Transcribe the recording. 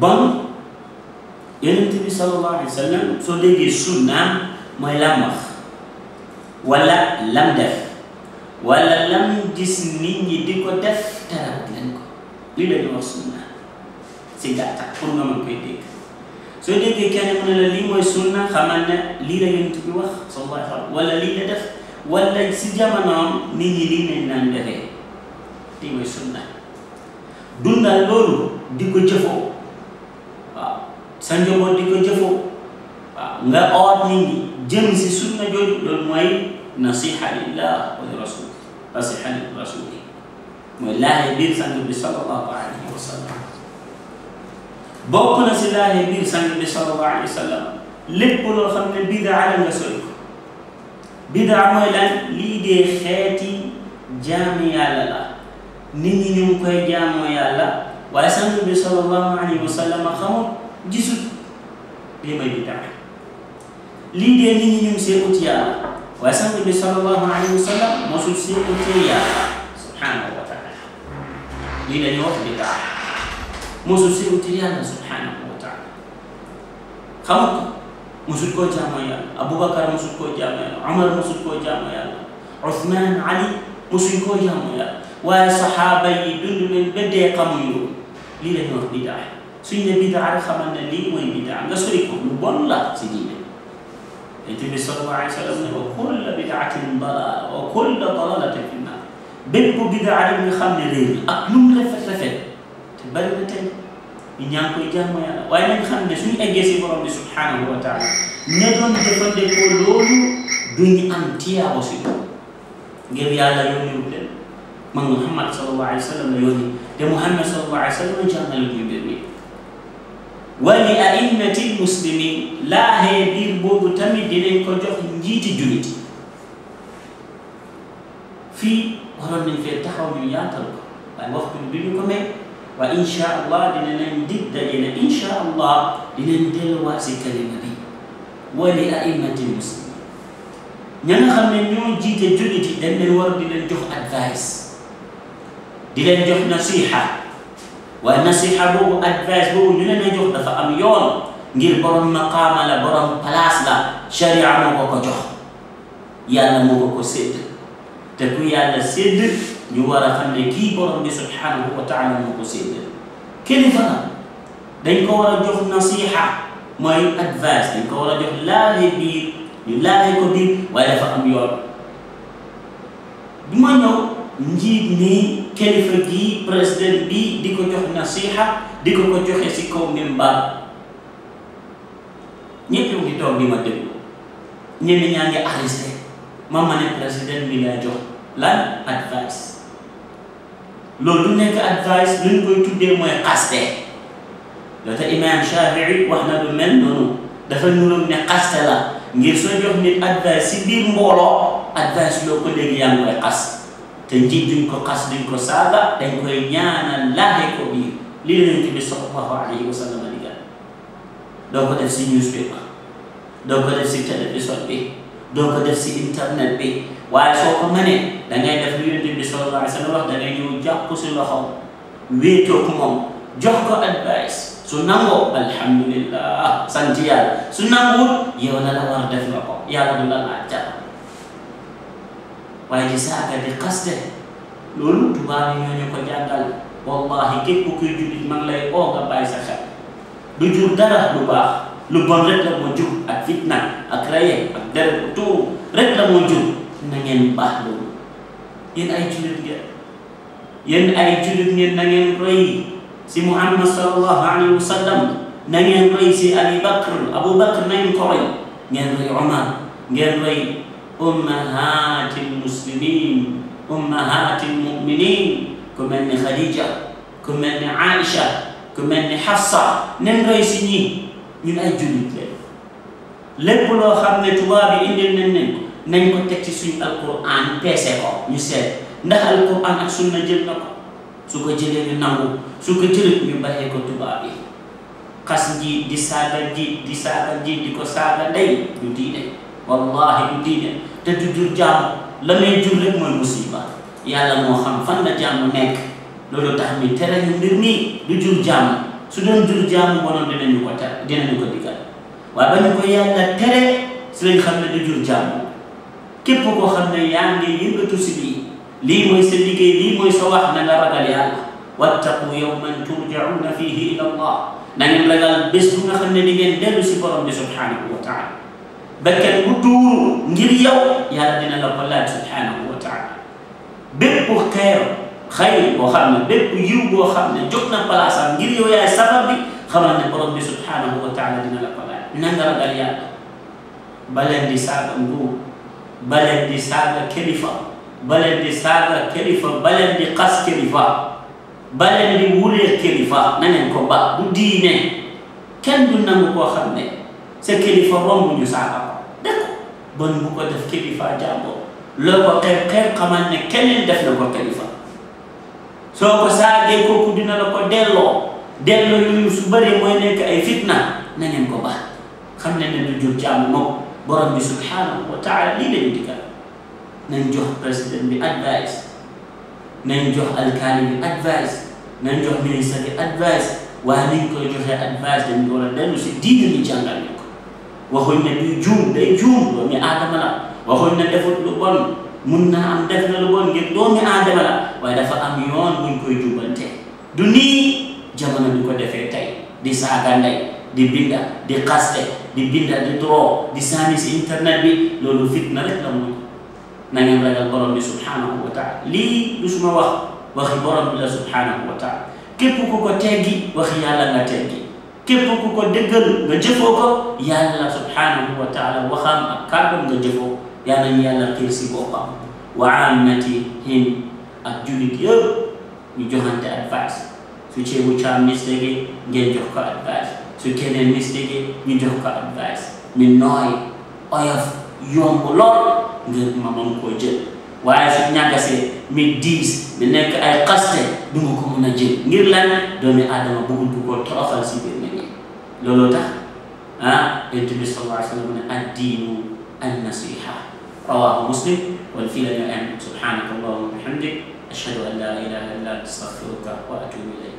bon yonent bi sallallahu alayhi wa sallam soo déggee sunnaam mooy lam wax wala lam def wala lam gis nit ñi di ko def tarawat leen ko lii la ñu wax sunna si gàttal pour nga mën koy dégg soo déggee kenn mu ne lii mooy sunna xamal ne lii la yonent bi wax sallallahu alayhi wa lii la def wala si jamonoom nit ñi lii nañ naan defee lii mooy sunna dundal loolu di ko jëfoo sanjo goɗɗi ko jefo nga ootni ndi jëm si sunna jooju loolu mooy nasiha lillah wa li rasul nasiha li rasul mooy laaye biir sang bi salallahu alayhi wa sallam bokk na si laaye biir sang bi salallahu alayhi wa sallam lépp loo xam ne bidaa la nga sori ko bidaa mooy lan lii dee xeeti jaamu yàlla la nit ñi ni mu koy jaamoo yàlla waaye sang bi salallahu alayhi wa sallam xamul gisul li may bi tàkk lii dee nit ñi ñu ngi see ut yàlla waaye sant bi sallallahu alayhi wa sallam mosul see utee yàlla subhanahu wa taala lii dañuy wax bi tàkk mosul see utee yàlla subhanahu wa taala xamut ko mosul koo jaamoo yàlla Aboubacar mosul koo jaamoo yàlla Omar mosul koo jaamoo yàlla Ousmane Ali mosul koo jaamoo yàlla waaye saxaaba yi dund leen ba dee xamuñu lii dañuy wax bi tàkk so yimɓe bida ara xamal ne lii mooy bida nga sori ko lu bon la si diine yonent bi sallallahu alayhi wa sallam ne wa kulla bidaatin dalala wa kulla dalalatin fi nnar bépp bidaa rek nga xam ne réer ak lu mu rafet rafet te bari na tey ñu ñaan koy jaamu yàlla waaye nañ xam ne suñu eggee si borom bi subhanahu wa taala ña doon jëfandikoo loolu duñu am tiyaabo si ngir yàlla yónniwut leen man Muhammad sallallahu alayhi wa sallam la yónni te Muhammad sallallahu alayhi wa sallam jàngale ñu mbir ولأئمة المسلمين لا هي بير بوب تامي ديني كو جوخ نجيتي جوليت في ورن ني في التحول ني ياتال واي وقت بي وان شاء الله دينا نديد دينا ان شاء الله دينا ندير واسي كلمه بي ولأئمة المسلمين نحن xamné ñoo jité نحن dañ leen نحن di leen jox advice di waaye nasiha boobu advice boobu ñu leen a jox dafa am yoon ngir borom maqaama la borom place la sharia moo ko ko jox yàlla moo ko ko sédd te ku yàlla sédd ñu war a xam ne kii borom bi subhanahu wa taala moo ko sédd kilifa la dañ ko war a jox nasiha mooy advice dañ ko war a jox laalee biir ñu laalee ko biir waaye dafa am yoon du ma ñëw njiit ni kilifa gi president bi di ko jox nasiha di ko ko joxe si kaw mimbar ñëpp ngi toog di ma déglu ñenn ñaa ngi arrêté ma ma ne bi laa jox lan advice loolu nekk advice luñ koy tuddee mooy xaste loolu imam shafii wax na lu mel noonu dafa nuloon ne xaste la ngir soo jox nit advice si biir mbooloo advice lo ko léegi yaa ngi koy xaste te njiit duñ ko xas duñ ko saaga dañ koy ñaanal laaxe ko biir li leen ci bi sallallahu alayhi wa sallam digal doo ko def si newspaper def si télévision bi def si internet bi waaye soo ko mënee da def li leen bi sallallahu alayhi wa sallam wax si loxo wéetoo ko moom advice su alhamdulillah sant yàlla su nangul la war def nga ko yàlla waaye jasaaka bi xaste loolu tubaab yi ko jàngal wallahi képp kuy jullit man lay oo nga bàyyi sa xel du jur dara lu baax lu bon rek la moo jur ak fitna ak raye ak deret bu tuuru rek la moo jur na ngeen baax loolu yéen ay jullit ngeen yéen ay ngeen na ngeen roy si muhammad sallallahu alayhi wa na ngeen roy si bakr abu bakr nañ ko roy ngeen roy ngeen roy أمهات المسلمين أمهات المؤمنين كما أن خديجة كما أن عائشة كما أن حفصة نن رئيسيني من أي جنود لك لك لو خمنا تواب إلينا ننك ننك تكتسين القرآن بيسيقا يسير نحا القرآن أكسونا جلنك سوك جلنك نمو سوك جلنك يبهيك تواب قصدي دي سابر دي دي سابر دي دي كو سابر دي دي دي دي wallahi du te du jur jàmm la may jur rek musiba yàlla moo xam fan la jàmm nekk loolu tax mi tere ñu mbir nii du jur su doon jur jàmm bonoon dinañu ko tere dinañu ko digal waaye ba ñu ko tere si lañ xam ne du jur jàmm képp koo xam ne yaa ngi yëngatu si lii lii mooy sa liggéey lii mooy sa wax na nga ragal yàlla wattaqu yawman turjauna fihi ila allah na ngeen ragal bés bu nga xam ne di ngeen dellu si borom bi subhanahu wa bakkan bu tuuru ngir yow yàlla dina la ko laaj subhanahu wa taala bépp xeer xayr boo xam ne bépp yiw boo xam ne jóg na palaasam ngir yow yaay sabab bi xamal ne borom bi subhanahu wa taala dina la ko laaj na nga ragal yàlla ba leen di saaga nguur ba leen di saaga kilifa ba leen di saaga kilifa ba leen di xas kilifa ba leen di wulee kilifa na ngeen ko ba bu diine kenn du nangu koo xam ne sa kilifa romb ñu saaga bon bu ko def kilifa jàmboo loo ko xeeb xeeb xamal ne keneen def na ko kilifa soo ko saagee kooku dina la ko delloo delloo yooyu su bëree mooy nekk ay fitna na ngeen ko baax xam ne ne du jur jàmm moom borom bi subhanahu wa taala lii lañu digal nañ jox président bi advice nañ jox alkaali bi advice nañ jox ministre bi advice waaye niñ joxee advice dañ ko war a dellu si diine ni jàngal waxuñ ne duy juum day juum doomi aadama la waxuñ ne defut lu bon mun naa am def na lu bon ngir doomi aadama la waaye dafa am yoon buñ koy jubante du nii jamono bi ko defee tey di saaga ndey di binda di xaste di binda di droo di sànni si internet bi loolu fitna rek la mu na ngeen ragal borom bi subhanahu wa lii du suma wax waxi borom bi la subhanahu wa taala képp ku ko teggi waxi yàlla nga teggi képp ku ko déggal nga jëfoo ko yàlla subhanahu wa taala waxam ak kàddam nga jëfoo yàlla ya ñu yàlla ya xiir si boppam wa ammatihim ak julit yëpp ñu joxante advice su ceebu caam mistake ngeen jox ko advice su keneen mistake ñu jox ko advice mi nooy oyof yomb lool ngir ma mën koo jël waaye suñ ñàggasee mi diis mi nekk ay xaste du nga ko mun a jël ngir lan doomi aadama bëgguñ ko koo toroxal si biir nit ñi looloo tax ah yonent bi sallallahu alayhi wa sallam ne addiinu an nasiha rawahu muslim wal fii la ñu am subhanaka allahuma wa bihamdik ashhadu an la ilaha illa anta astaghfiruka wa atubu ilayk